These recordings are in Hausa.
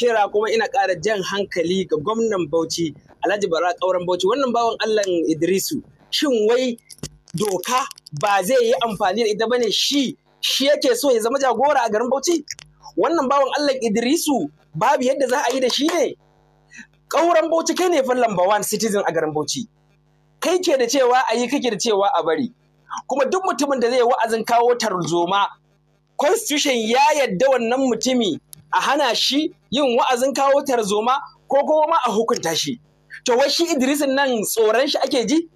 kira kuma ina ƙara jan hankali ga gwamnan Bauchi Alhaji Bara ƙauren Bauchi wannan bawan Allah Idrisu shin wai doka ba zai yi amfani da ita bane shi shi yake so ya zama jagora a garin Bauchi wannan bawan Allah Idrisu babu yadda za a yi da shi ne ƙauren Bauchi kai ne fa lamba one citizen a garin Bauchi kai ke da cewa a yi kake da cewa a bari kuma duk mutumin da zai wa'azin kawo tarzoma constitution ya yadda wannan mutumi a hana shi yin wa'azin kawo tarzoma ko kuma ma a hukunta shi to wai shi idrisin nan tsoron shi ake ji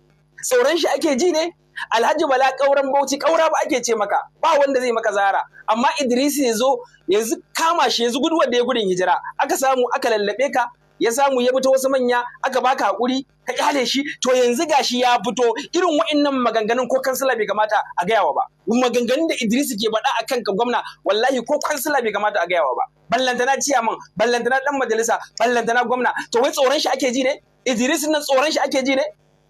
tsoron shi ake ji ne Alhaji Bala ƙauren Bauchi ƙaura ba ake ce maka ba wanda zai maka zara amma Idris ya zo yanzu kama shi yanzu guduwar da ya gudun hijira aka samu aka lallaɓe ka ya samu ya fito wasu manya aka baka hakuri ka kyale shi to yanzu gashi ya fito irin wa'annan maganganun ko kansila bai kamata a gayawa ba maganganun da Idris ke faɗa akan ka gwamna wallahi ko kansila bai kamata a gayawa ba ballantana ciyaman ballantana dan majalisa ballantana gwamna to wai tsoron shi ake ji ne Idris nan tsoron shi ake ji ne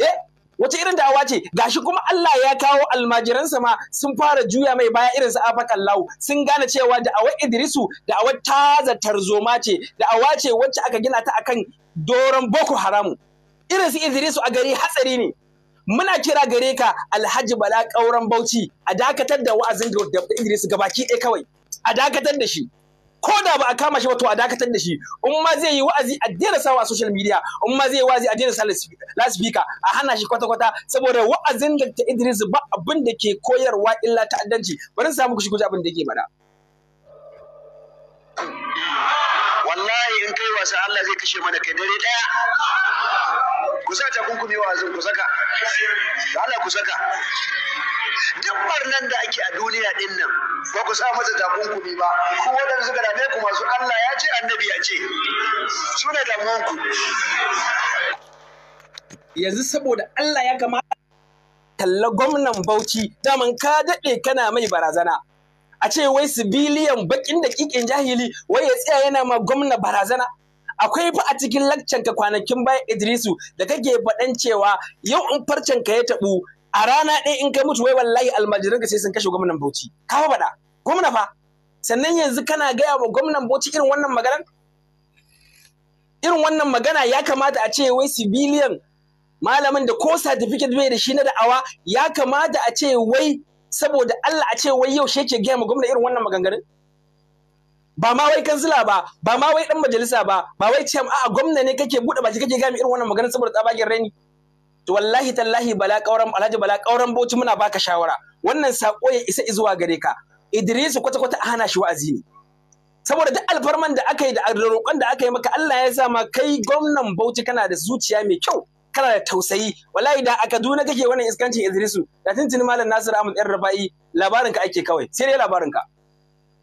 eh wace irin da'awa ce gashi kuma Allah ya kawo almajiransa ma sun fara juya mai baya irin su afakallahu sun gane cewa da'awar Idrisu da'awar taza tarzoma ce da ce wacce aka gina ta akan doron Boko Haramu irin su Idrisu a gari hatsari ne muna kira gare ka Alhaji Bala Kauran Bauchi a dakatar da wa'azin da Idrisu gabaki ɗaya kawai a dakatar da shi ko da ba a kama shi ba to a dakatar da shi in ma zai yi wa'azi a daina sawa a social media in ma zai yi wa'azi a daina la speaker a hana shi kwata-kwata saboda wa'azin da ta Idris ba abin da ke koyarwa illa ta'addanci bari su samu shi kuji abin da yake mana. wallahi in kai wasa Allah zai kashe mana kai dare daya ku sa takunkumi wa zan ku saka da Allah ku saka duk barnan da ake a duniya din nan ba ku sa masa takunkumi ba ku wadan suka ne ku masu Allah ya ce annabi ya ce su ne ku. yanzu saboda Allah ya kamata talla gwamnan Bauchi daman ka daɗe kana mai barazana a ce wai sibiliyan bakin da kikin jahili wai ya tsaya yana ma gwamna barazana akwai fa a cikin lakcan ka kwanakin bayan Idrisu da kake faɗan cewa yau in farcen ka ya taɓu a rana ɗaya in kai mutu wai wallahi almajirin ka sai sun kashe gwamnan Bauchi ka faɗa gwamna fa sannan yanzu kana gaya wa gwamnan Bauchi irin wannan magana? irin wannan magana ya kamata a ce wai civilian malamin da ko certificate bai da shi na da'awa ya kamata a ce wai saboda Allah a ce wai yau shi ke gaya ma gwamna irin wannan maganganun ba ma wai kansila ba ba ma wai dan majalisa ba ba wai ce a gwamna ne kake bude baki kake gami irin wannan magana saboda tsabagen rani to wallahi tallahi bala kauran alhaji bala kauran bauchi muna baka shawara wannan sako ya isa zuwa gare ka Idrisu kwata kwata a hana shi wa'azi ne saboda duk alfarman da aka yi da roƙon da aka yi maka Allah ya sa ma kai gwamnan Bauchi kana da zuciya mai kyau kana da tausayi wallahi da a Kaduna kake wannan iskancin Idrisu da tuntuni malam Nasiru Ahmad ɗan Rabai labarin ka ake kawai sai dai labarin ka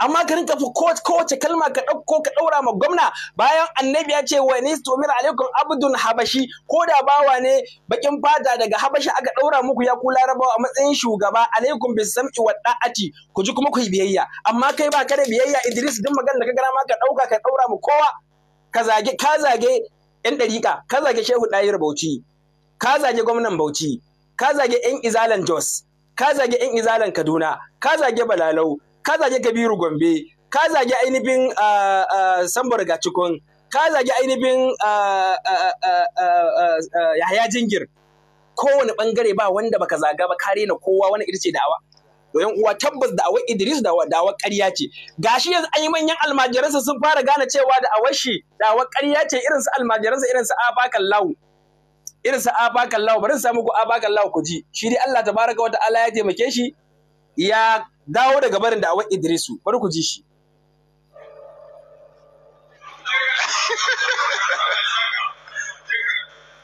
amma ka rinka kowace kalma ka ɗauko ka ɗaura ma gwamna bayan annabi ya ce wa ni stumir alaikum abdun habashi ko da bawa ne bakin fata daga Habashi aka ɗaura muku ya ku larabawa a matsayin shugaba alaikum bis sam'i wa da'ati ku ji kuma ku yi biyayya amma kai ba ka da biyayya Idris duk magana da ka gara ma ka ɗauka ka ɗaura mu kowa ka zage ka zage yan ɗariƙa ka zage shehu ɗayir bauchi ka zage gwamnan bauchi ka zage yan izalan jos ka zage yan izalan kaduna ka zage balalau ka zage Kabiru Gombe ka zage ainihin ah, ah, Sambar Cikon, ka zage ainihin ah, Yahaya Jingir kowane bangare ba wanda baka zaga ba kare na kowa wani irce ce da'awa uwa tabbas da awai Idris da dawa ƙarya ce gashi yanzu an yi manyan almajiransa sun fara gane cewa da awai shi da'awar ƙarya ce irin su almajiransa irin su abakan lawu irin su abakan lawu bari su samu ku abakan lawu ku ji shi dai Allah tabaraka wata ala ya taimake shi ya dawo daga barin da da'awar Idrisu bari ku ji shi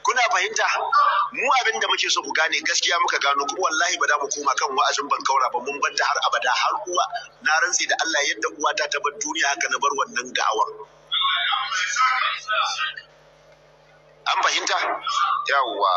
kuna fahimta mu abin da muke so ku gane gaskiya muka gano kuma wallahi ba da mu koma kan wa'azin ban kaura ba mun banta har abada har uwa na rantsi da Allah yadda uwa ta ta duniya haka na bar wannan da'awar an fahimta yawwa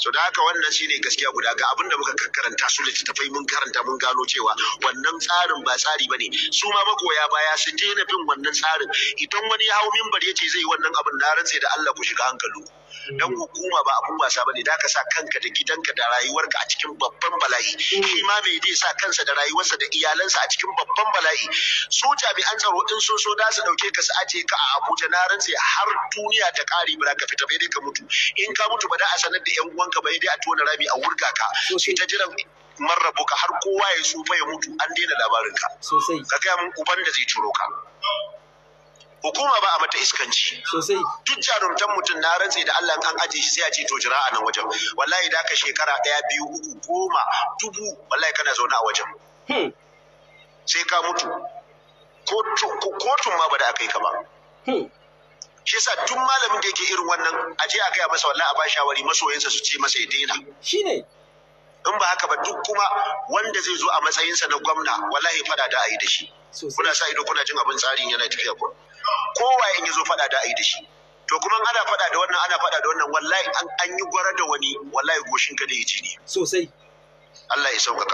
so da haka wannan shine gaskiya guda ga abinda muka karanta su tafai mun karanta mun gano cewa wannan tsarin ba tsari bane su ma magoya baya su daina bin wannan tsarin idan wani ya hau mimbar yace zai yi wannan abin na rantse da Allah ku shiga hankalin hmm. dan hukuma ba abun wasa bane da ka sa kanka da gidanka da rayuwarka a cikin babban bala'i hmm. shi ma bai sa kansa da rayuwarsa da iyalansa a cikin babban bala'i su jami'an tsaro din sun so da su dauke ka su aje ka a Abuja na rantse har duniya ta kare ba ka fita bai dai ka mutu in ka mutu ba da a sanar da yan uwan ka ba dai a tona rami a wurga ka sai ta jira marrabu ka har kowa ya tsufa ya mutu an daina labarin ka ka ga mun uban da zai turo ka hukuma ba a mata iskanci duk jarumtan mutum na rantse da Allah an aje shi sai a ce to jira a nan wajen wallahi da ka shekara daya biyu uku goma dubu wallahi kana zaune a wajen hmm. sai ka mutu kotun ma ba da aka yi ka ba hmm. shi yasa duk malamin da yake irin wannan a je a gaya masa wallahi a ba shawari masoyansa su ce masa ya daina shine in ba haka ba duk kuma wanda zai zo a matsayinsa na gwamna wallahi fada da ayi da shi kuna sa ido kuna jin abin tsarin yana tafiya ko kowa in ya zo fada da ayi da shi to kuma ana fada da wannan ana fada da wannan wallahi an yi gwara da wani wallahi goshin ka da ya ne sosai Allah ya sauƙaƙa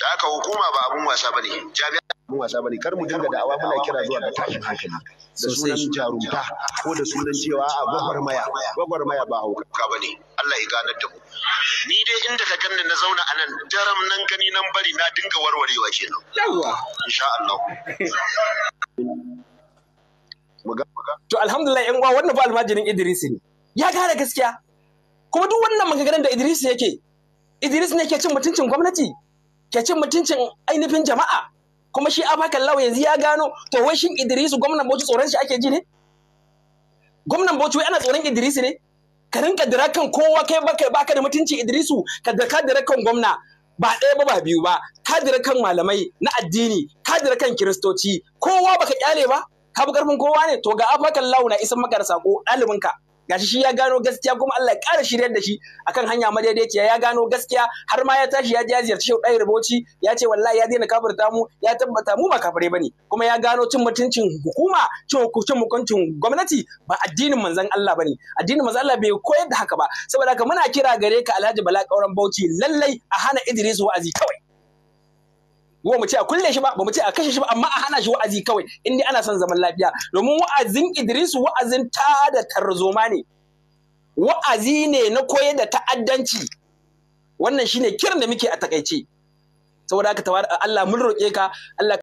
da haka hukuma ba abun wasa bane jami'a abun wasa bane kar mu dinga da'awa muna kira zuwa ga tashin hankali da sunan jarumta ko da sunan cewa a gwagwarmaya gwagwarmaya ba hauka bane Allah ya gane da mu ni dai inda ka ganni na zauna a nan daram nan gani nan bari na dinga warwarewa kenan Yawwa. insha Allah to alhamdulillah yan uwa wannan fa almajirin Idris ne ya gane gaskiya kuma duk wannan maganganun da Idris yake Idris ne ke cin mutuncin gwamnati ke cin mutuncin ainihin jama'a kuma shi abakan lawa yanzu ya gano to wai shin Idris gwamnan Bauchi tsoron shi ake ji ne gwamnan Bauchi wai ana tsoron Idris ne ka rinka dira kan kowa kai baka baka da mutunci Idrisu ka da ka dira kan gwamna ba ɗaya ba ba biyu ba ka dira kan malamai na addini ka dira kan kiristoci kowa baka kyale ba ka bi karfin kowa ne to ga abakan lawa na isan maka da sako ɗalibinka gashi shi ya gano gaskiya kuma Allah ya ƙara shiryar da shi akan hanya madaidaiciya ya gano gaskiya har ma ya tashi ya je ya ziyarci Shehu Ɗayir Bauchi ya ce wallahi ya daina kafirta mu ya tabbata mu ba kafirai bane kuma ya gano cin mutuncin hukuma cin hukuncin mukuncin gwamnati ba addinin manzon Allah bane addinin manzon Allah bai koyar da haka ba saboda haka muna kira gare ka Alhaji Bala Kauran Bauchi lallai a hana Idris wa'azi kawai ko mu ce a kulle shi ba ba mu ce a kashe shi ba amma a hana shi wa'azi kawai in dai ana son zaman lafiya domin wa'azin Idris wa'azin ta da tarzoma ne wa'azi ne na koyar da ta'addanci wannan shine kiran da muke a takaice saboda haka Allah mun roƙe ka Allah